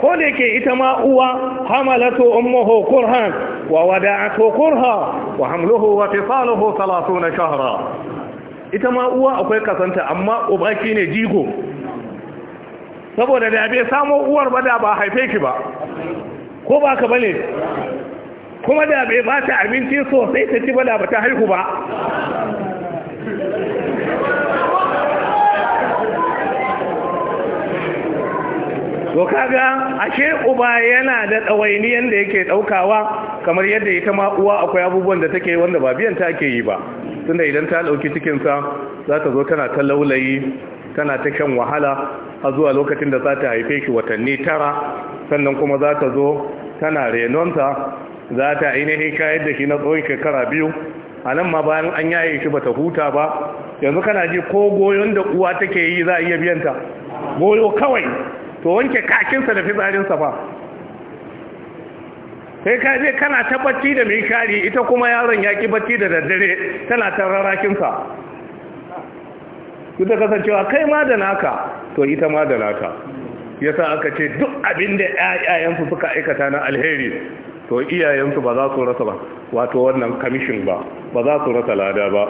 ko da yake ita ma uwa hamalatu ummuhu kurhan wa wada'atu kurha wa hamluhu wa fisaluhu 30 shahra ita ma uwa akwai kasanta amma uba ki ne jiko saboda da abe samo uwar ba da ba haife shi ba ko ba ka bane kuma da bai ba ta abinci sosai ta ci bada ba ta haihu ba to kaga ashe uba yana da ɗawainiyan da yake ɗaukawa kamar yadda ita ma uwa akwai abubuwan da take wanda ba biyan ta ake yi ba tunda idan ta ɗauki cikinsa za ta zo tana ta laulayi tana ta shan wahala a zuwa lokacin da za ta haife shi watanni tara sannan kuma za ta zo tana renonsa za ta ainihin kayar da shi na tsohon shekara biyu a nan ma bayan an yaye shi bata huta ba yanzu kana ji ko goyon da uwa take yi za a iya biyanta goyo kawai to wanke kakinsa da fitsarinsa fa sai ka je kana ta bacci da mai kari ita kuma yaron ya ki bacci da daddare tana ta rarakinsa duk kasancewa kai ma da naka to ita ma da naka sa aka ce duk abin da ƴaƴayensu suka aikata na alheri to iyayensu ba za su rasa ba wato wannan kamishin ba ba za su rasa lada ba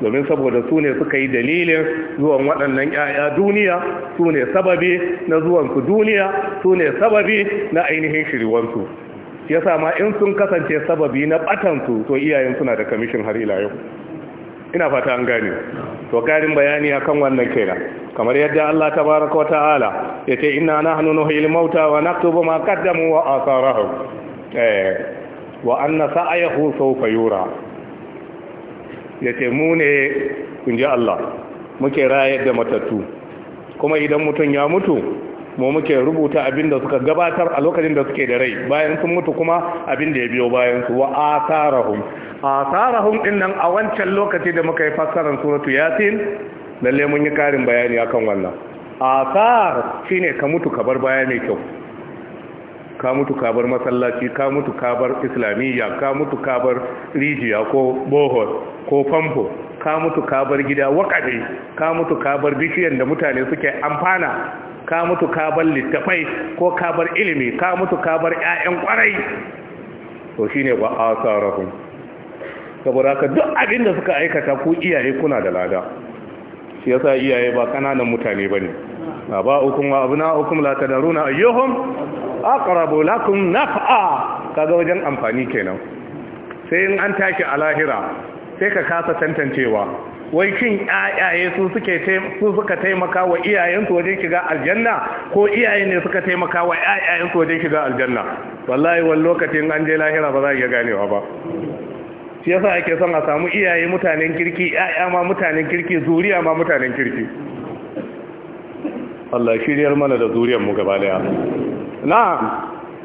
domin saboda su ne suka yi dalilin zuwan waɗannan ‘ya'ya duniya su ne sababi na zuwansu duniya su ne sababi na ainihin shirwansu ya ma in sun kasance sababi na batansu to iyayen suna da kamishin har ila yau ina fata an gane to garin bayani akan wannan kenan kamar yadda Allah tabaraka wa ta'ala yace inna nahnu nuhyil mauta wa naktubu ma qaddamu wa atharahum eh wa anna sa'ayahu sawfa yura yace mu ne kunji Allah muke rayar da matattu kuma idan mutum ya mutu mu muke rubuta abin da suka gabatar a lokacin da suke da rai bayan sun mutu kuma abin da ya biyo bayan su wa atarahum atarahum din nan a wancan lokaci da muka yi fassarar suratul yasin lalle mun yi karin bayani akan wannan atar shine ka mutu ka bar baya mai kyau ka mutu ka bar masallaci ka mutu ka bar islamiyya ka mutu ka bar rijiya ko bohol ko famfo ka mutu ka bar gida wakafi ka mutu ka bar bishiyan da mutane suke amfana ka mutu ka bar littafai ko ka bar ilimi ka mutu ka bar ƴaƴan kwarai to shine ba asarahum saboda ka duk abin da suka aikata ku iyaye kuna da lada shi yasa iyaye ba kananan mutane bane aba'ukum wa abna'ukum la tadaruna ayyuhum aqrabu lakum naf'a kaga wajen amfani kenan sai in an tashi a lahira sai ka kasa tantancewa wai kin ayaye su suke su suka taimaka wa iyayensu wajen shiga aljanna ko iyaye ne suka taimaka wa su wajen shiga aljanna wallahi wani lokacin an je lahira ba za a iya ganewa ba shi yasa ake son a samu iyaye mutanen kirki ƴaƴa ma mutanen kirki zuriya ma mutanen kirki Allah shiryar mana da zuriyar mu gaba daya Na,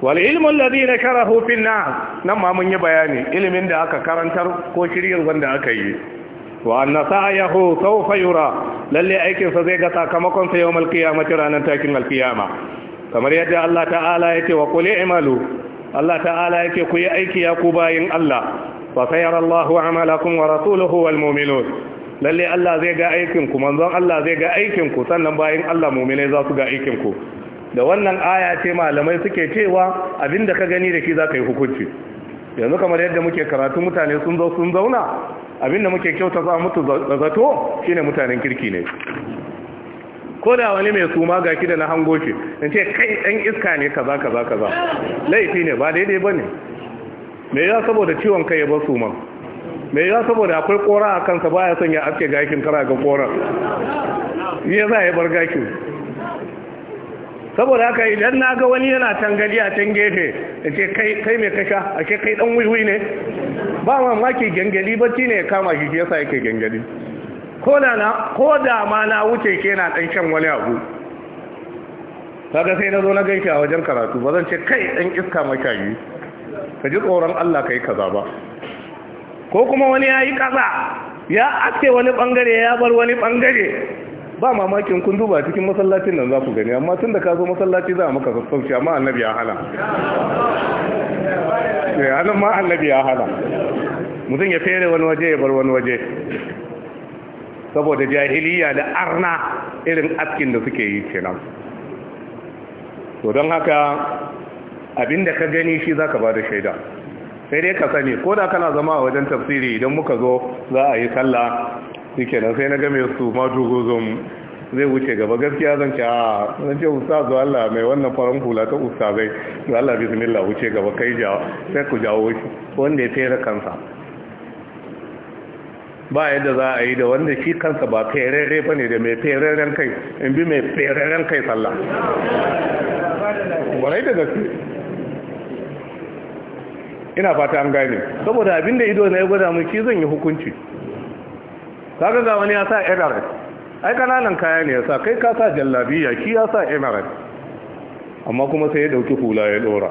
wal ilmu alladhi nakarahu fil nas nan ma mun yi bayani ilimin da aka karantar ko shiryar wanda aka yi wa anna sa'yahu sawfa yura lalle aikin sa zai ga sakamakon sa yawmal qiyamati ranar takin alqiyama kamar yadda Allah ta'ala yake wa qul i'malu Allah ta'ala yake ku yi aiki ya ku bayin Allah fa sayara Allahu amalakum wa rasuluhu wal mu'minun lalle Allah zai ga aikin ku manzon Allah zai ga aikin ku sannan bayin Allah mu'minai za su ga aikin ku da wannan aya ce malamai suke cewa abinda ka gani da shi za ka yi hukunci yanzu kamar yadda muke karatu mutane sun zo sun zauna abinda muke kyauta za mutu zato shine mutanen kirki ne ko da wani mai suma ga da na hango shi in ce kai ɗan iska ne kaza kaza kaza laifi ne ba daidai ba ne mai saboda ciwon kai ya ba suma mai yawa saboda akwai kora a kansa baya son ya aske gashin kara ga koran ya za ya bar gashin saboda haka idan na ga wani yana tangali a can gefe da ce kai mai kasha a ce kai dan wiwi ne ba mamaki gangali bacci ne ya kama shi yasa yake gangali ko da ma na wuce ke na dan shan wani abu kaga sai na zo na gaishe a wajen karatu ba zan ce kai dan iska mashayi ka ji tsoron Allah ka yi kaza ba ko kuma wani ya yi kaza ya ake wani bangare ya bar wani bangare ba mamakin kun duba cikin masallacin nan za ku gani amma tun da ka zo masallaci za a maka sassauci amma annabi ya hana ranar eh, ma annabi ya hana mutum ya fere wani waje ya bar wani waje saboda jahiliya da arna irin askin da suke yi kenan to don haka abinda ka gani shi zaka ba da shaida sai dai ka sani ko da kana zama a wajen tafsiri idan muka zo za a yi sallah shi kenan sai na game su ma dogozon zai wuce gaba gaskiya zan ce a ah, zan ce ustazu Allah mai wannan farin hula ta ustazai da Allah bismillah wuce gaba kai jawo sai ku jawo shi wanda ya tsere kansa ba yadda za a yi da wanda shi kansa ba ferere ba ne da mai fereren kai in bi mai fereren kai sallah warai da gaske ina fata an gane saboda abinda ido na ya gwada mun shi zan yi hukunci kaga ga wani ya sa emirat ai kananan kaya ne ya sa kai ka sa jallabiya shi ya sa emirat amma kuma sai ya dauki hula ya dora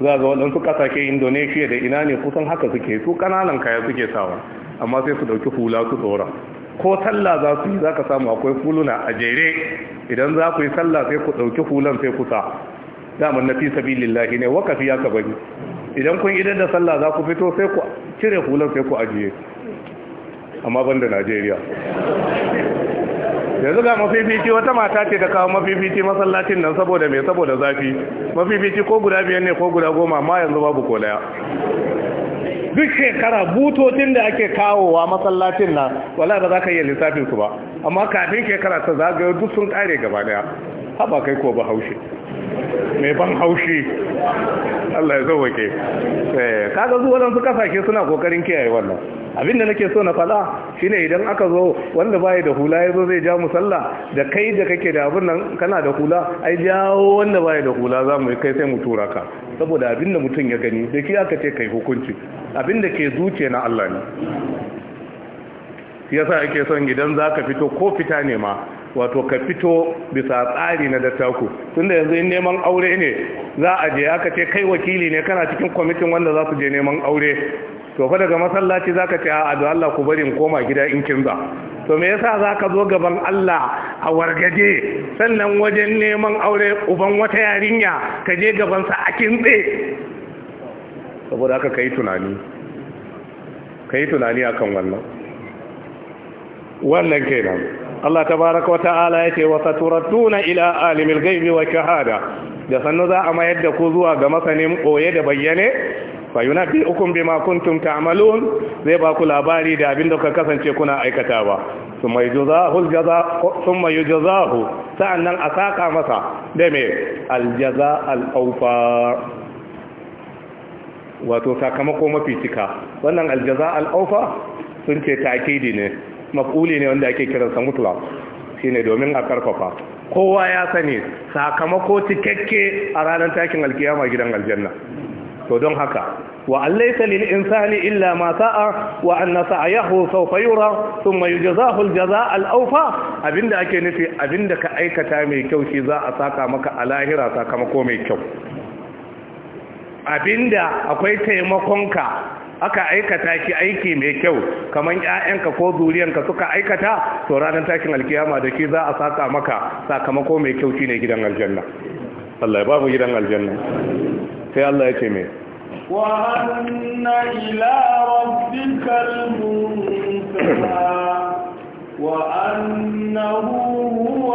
za ga waɗansu ƙasashe indonesia da ina ne kusan haka suke su kananan kaya suke sawa amma sai su dauki hula su dora ko sallah za su yi za ka samu akwai huluna a jere idan za ku yi sallah sai ku dauki hulan sai ku sa damar na fi sabi lillahi ne wakafi ya ka bari idan kun idan da sallah za ku fito sai ku cire hulan sai ku ajiye amma ban da najeriya yanzu ga mafifici wata mata ce da kawo mafifici masallacin nan saboda mai saboda zafi mafifici ko guda biyar ne ko guda goma amma yanzu babu ko daya duk shekara butocin da ake kawowa masallacin nan wala ba za ka iya lissafin su ba amma kafin shekara ta zagayo duk sun kare gaba daya haba kai ko ba haushi mai ban haushi Allah ya sauwake eh, kaga su kasashe suna kokarin kiyaye wannan abin da nake so na faɗa shine idan aka zo wanda baya da hula ya zo zai ja musalla da kai da kake da abin nan kana da hula ai jawo wanda baya da hula za mu kai sai mu tura ka saboda abinda mutum ya gani da ke aka ce kai hukunci abinda ke zuce na Allah ne yasa ake son idan za ka fito ko fita ne ma wato ka fito bisa tsari na dattaku tunda yanzu yin neman aure ne za a je aka ce kai wakili ne kana cikin kwamitin wanda za su je neman aure to fa daga masallaci zaka ce a da Allah ku bari in koma gida in kinza to me yasa zaka zo gaban Allah a wargaje sannan wajen neman aure uban wata yarinya ka je gaban sa a kintse saboda haka kai tunani kai tunani akan wannan wannan kenan Allah tabaaraka wa ta'ala yace wa saturatuna ila alimil ghaibi wa shahada da sannu za a mayar da ku zuwa ga masanin koye da bayyane fa yunabbi'ukum bima kuntum ta'malun zai ba ku labari da abin da kuka kasance kuna aikatawa thumma yujzahu aljaza thumma yujzahu sa'annan asaka masa da me aljaza alawfa wato sakamako mafi cika wannan aljaza alawfa sun ce takidi ne makuli ne wanda ake kiransa mutlaq shine domin a karfafa kowa ya sani sakamako cikakke a ranar takin alkiyama gidan aljanna to don haka wa allaysa lil insani illa ma sa'a wa anna sa'yahu sawfa yura thumma yujzahu al jazaa al awfa abinda ake nufi abinda ka aikata mai kyau shi za a saka maka a lahira sakamako mai kyau abinda akwai taimakonka aka aikata shi aiki mai kyau kamar ƴaƴanka ko zuriyanka suka aikata to ranar tashin alkiyama da shi za a saka maka sakamako mai kyau shine gidan aljanna Allah ya ba mu gidan aljanna sai Allah ya ce mai wa anna ila rabbikal muntaha wa annahu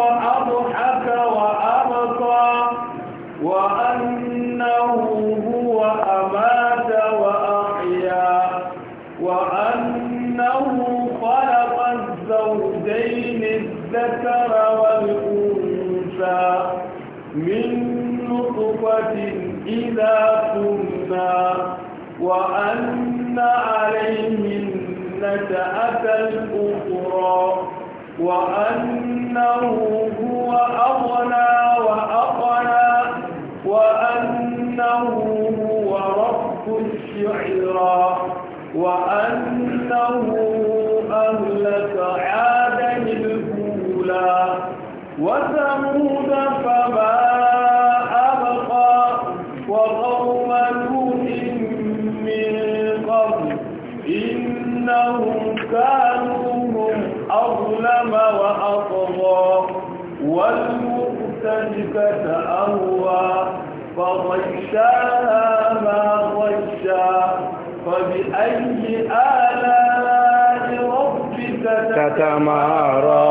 tamara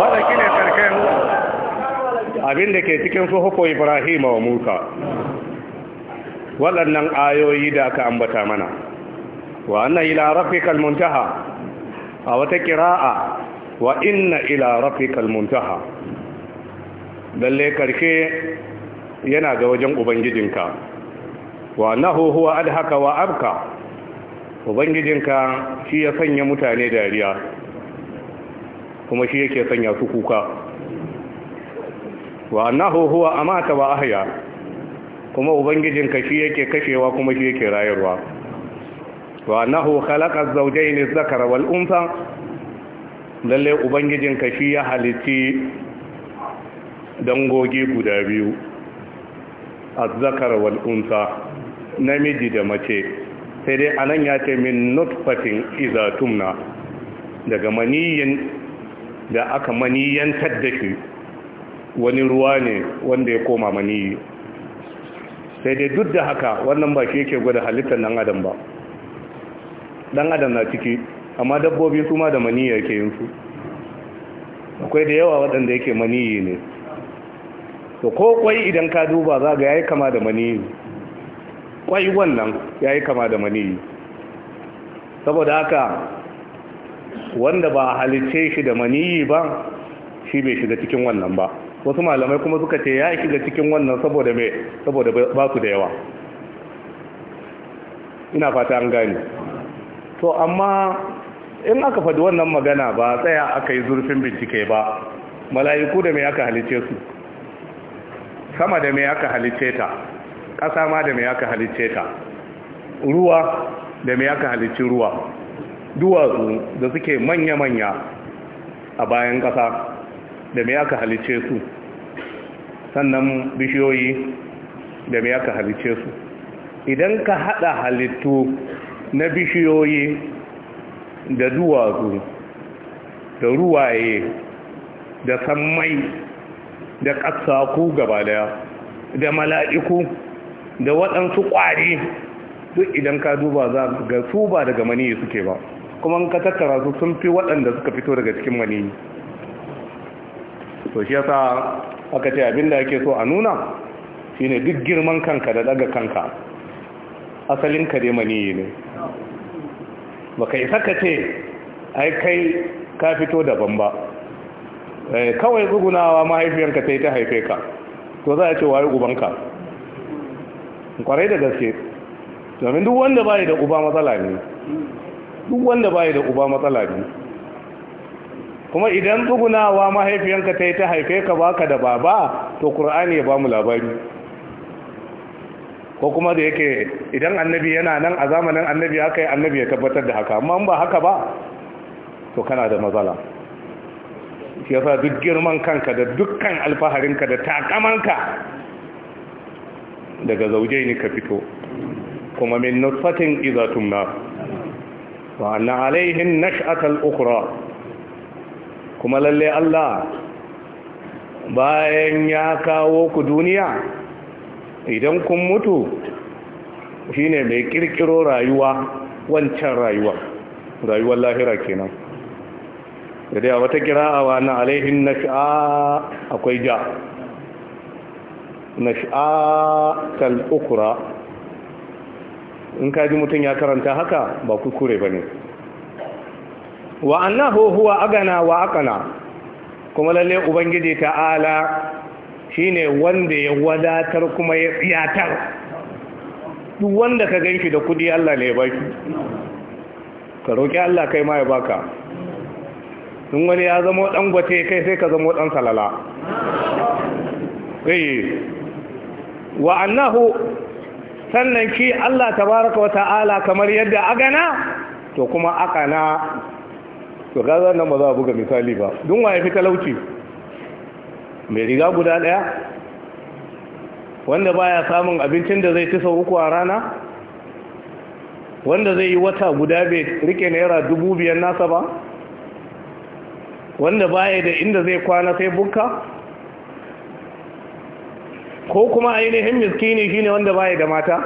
wadda kine sarkin abinda ke cikin suhufu ibrahim wa musa waɗannan ayoyi da aka ambata mana wa anna ila rafikal muntaha a wata kira'a wa inna ila rafikal muntaha lalle karshe yana ga wajen ubangijinka wa nahu huwa adhaka wa abka ubangijinka shi ya sanya mutane dariya kuma shi yake sanya su kuka wa annahu huwa amata wa ahya kuma ubangijin ka shi yake kashewa kuma shi yake rayarwa wa annahu khalaqa az-zawjayn az-zakara wal untha lalle ka shi ya halitti dangoge guda biyu az-zakara wal untha namiji da mace sai dai anan ya ce min nutfatin iza tumna daga maniyin da aka maniyantar da shi wani ruwa ne wanda ya koma maniyi sai dai duk da haka wannan ba shi yake gwada halittar dan adam ba dan adam na ciki amma dabbobi su ma da maniyi yake yin su akwai da yawa waɗanda yake maniyi ne to ko kwai idan ka duba za ga ya yi kama da maniyi kwai wannan ya yi kama da maniyi saboda haka wanda ba a halice shi da maniyi ba shi bai shiga cikin wannan ba wasu malamai kuma suka ce ya shiga cikin wannan saboda mai saboda ba su da yawa ina fata an gani to amma in aka faɗi wannan magana ba tsaya aka yi zurfin bincike ba mala'iku da mai aka halice su sama da mai aka halice ta ƙasa ma da mai aka halice ta ruwa da mai aka halici ruwa duwatsu da suke manya-manya a bayan ƙasa da mai aka halice su sannan bishiyoyi da mai aka halice su idan ka haɗa halittu na bishiyoyi da duwatsu da ruwaye da sammai da ƙasaku gaba daya da mala'iku da waɗansu ƙwari duk idan ka duba za ga su ba daga maniyi suke ba kuma ka tattara su sun fi waɗanda suka fito daga cikin maniyi to shi yasa aka ce abin da ake so a nuna shine duk girman kanka da daga kanka asalin ka dai mani ne baka isa ka ce ai kai ka fito daban ba eh, kawai tsugunawa mahaifiyarka sai ta haife ka to za a ce waye ubanka kwarai da gaske domin duk wanda bai da uba matsala ne duk wanda baya da uba matsala ne kuma idan tsugunawa mahaifiyanka ta yi ta haife ka baka da baba to ƙur'ani ya bamu labari ko kuma da yake idan annabi yana nan a zamanin annabi haka annabi ya tabbatar da haka amma ba haka ba to kana da matsala ya sa duk girman kanka da dukkan alfaharinka da takamanka daga zauje ne ka fito kuma min nutfatin izatun na. wa anna alaihin nash'atal ukhra kuma lalle Allah bayan ya kawo ku duniya idan kun mutu shine mai kirkiro rayuwa wancan rayuwa rayuwar lahira kenan da dai wata kira'awa na alaihin nash'a akwai ja nash'atal ukhra in ka ji mutum ya karanta haka ba ku kure ba ne wa annahu huwa agana wa aqana kuma lalle ubangiji ta'ala shine wanda ya wadatar kuma ya tsiyatar duk wanda ka ganshi da kudi Allah ne ya baki ka roki Allah kai ma ya baka in wani ya zama dan gwate kai sai ka zama dan salala eh wa annahu sannan ki Allah ta wata wata'ala kamar yadda gana. to kuma na. to ga zan ba za a buga misali ba dun waye fi talauci mai riga guda daya wanda baya samun abincin da zai tisa uku a rana wanda zai yi wata guda bai rike naira dubu biyar nasa ba wanda baya da inda zai kwana sai bukka ko kuma ainihin miskini ne wanda baya da mata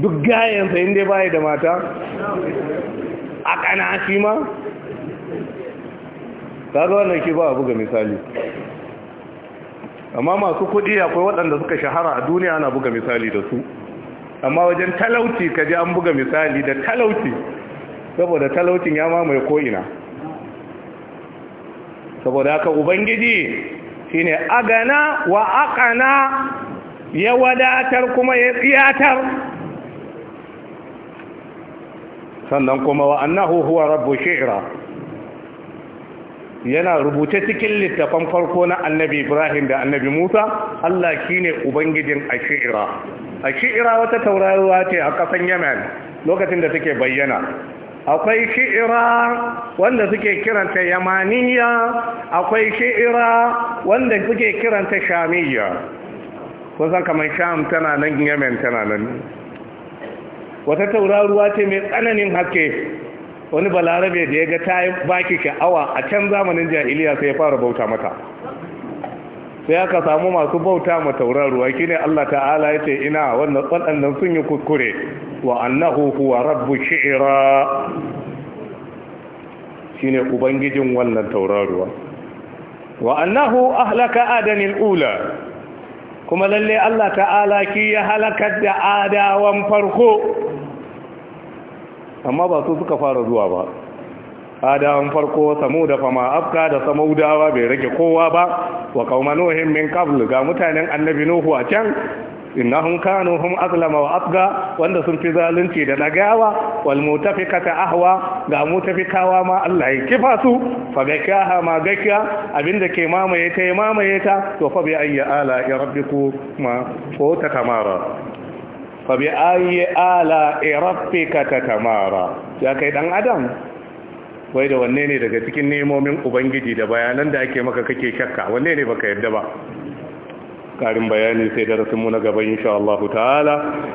duk gayansa inda baya da mata a kana shi ma kaga wannan shi ba a buga misali amma masu kudi akwai waɗanda suka shahara a duniya ana buga misali da su amma wajen talauci ka ji an buga misali da talauci saboda talaucin ya mamaye ko'ina saboda haka ubangiji shine agana wa aqana ya wadatar kuma ya tsiyatar sannan kuma wa annahu huwa rabbu shi'ra yana rubuce cikin littafan farko na annabi ibrahim da annabi musa allah shine ubangijin a A ashira wata taurarwa ce a kasan yamen lokacin da take bayyana akwai shi'ira wanda suke kiranta yamaniya akwai shi'ira wanda suke kiranta shamiya san kamar sham tana nan yamen tana nan wata tauraruwa ce mai tsananin haske wani balarabe da ya ga ta baki sha'awa a can zamanin jahiliya sai ya fara bauta mata sai aka samu masu bauta ma tauraruwa shine Allah ta'ala ya ce ina wannan waɗannan sun yi kuskure wa annahu huwa rabbu shi'ra shine ubangijin wannan tauraruwa wa annahu ahlaka adanil ula kuma lallai Allah ta'ala ki ya halakar da adawan farko amma ba su suka fara zuwa ba adawan farko samuda fama afka da samaudawa bai rage kowa ba wa qauma nuhin min qabl ga mutanen annabi nuhu a can innahum kanu hum azlama wa afga wanda sun fi zalunci da nagawa wal mutafikata ahwa ga mutafikawa ma Allah ya kifa su fa gakaha ma gakka abinda ke mamaye ta ya mamaye ta to fa bi ayyi ala ya rabbiku ma ko ta tamara fa bi ayyi ala ya rabbika ta tamara ya kai dan adam wai da wanne ne daga cikin nemomin ubangiji da bayanan da ake maka kake shakka wanne ne baka yarda ba karin bayani sai darasin mu na gaba insha Allah ta'ala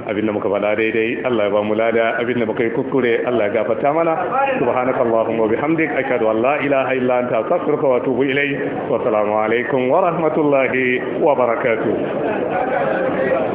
abinda muka faɗa daidai Allah ya ba mu lada abinda muka yi kuskure Allah ya gafarta mana subhanaka allahumma wa bihamdik ashhadu an la ilaha illa anta astaghfiruka wa atubu ilayk wa assalamu alaikum wa rahmatullahi wa barakatuh